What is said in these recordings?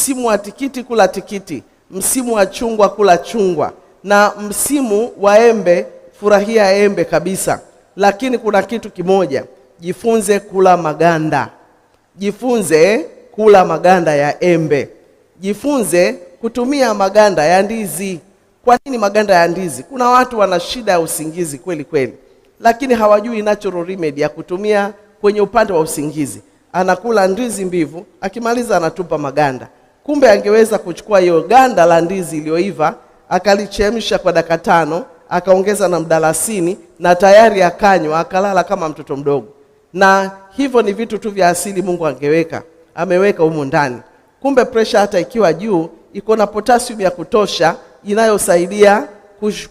msimu wa tikiti kula tikiti, msimu wa chungwa kula chungwa, na msimu wa embe furahia embe kabisa. Lakini kuna kitu kimoja, jifunze kula maganda, jifunze kula maganda ya embe, jifunze kutumia maganda ya ndizi. Kwa nini maganda ya ndizi? Kuna watu wana shida ya usingizi kweli kweli, lakini hawajui natural remedy ya kutumia kwenye upande wa usingizi. Anakula ndizi mbivu, akimaliza anatupa maganda. Kumbe angeweza kuchukua hiyo ganda la ndizi iliyoiva akalichemsha kwa dakika tano akaongeza na mdalasini na tayari akanywa akalala kama mtoto mdogo. Na hivyo ni vitu tu vya asili Mungu angeweka ameweka humo ndani. Kumbe presha hata ikiwa juu iko na potassium ya kutosha inayosaidia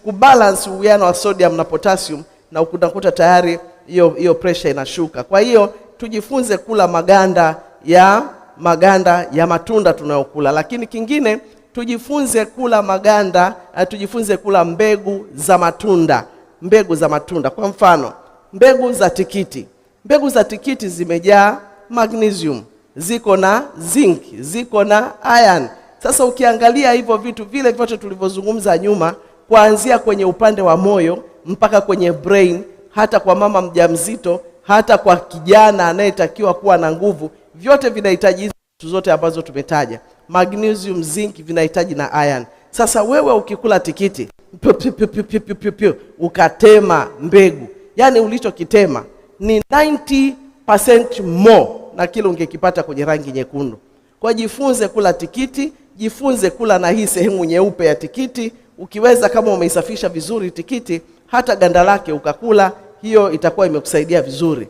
kubalance uwiano wa sodium na potassium, na ukunakuta tayari hiyo hiyo presha inashuka. Kwa hiyo tujifunze kula maganda ya maganda ya matunda tunayokula, lakini kingine tujifunze kula maganda, eh, tujifunze kula mbegu za matunda. Mbegu za matunda, kwa mfano mbegu za tikiti. Mbegu za tikiti zimejaa magnesium, ziko na zinc, ziko na iron. Sasa ukiangalia hivyo vitu vile vyote tulivyozungumza nyuma, kuanzia kwenye upande wa moyo mpaka kwenye brain, hata kwa mama mjamzito hata kwa kijana anayetakiwa kuwa na nguvu, vyote vinahitaji hizi vitu zote ambazo tumetaja, magnesium, zinc, vinahitaji na iron. Sasa wewe ukikula tikiti pyo, pyo, pyo, pyo, pyo, pyo, pyo, ukatema mbegu, yani ulichokitema ni 90% more na kile ungekipata kwenye rangi nyekundu. Kwa jifunze kula tikiti, jifunze kula na hii sehemu nyeupe ya tikiti. Ukiweza kama umeisafisha vizuri tikiti, hata ganda lake ukakula hiyo itakuwa imekusaidia vizuri.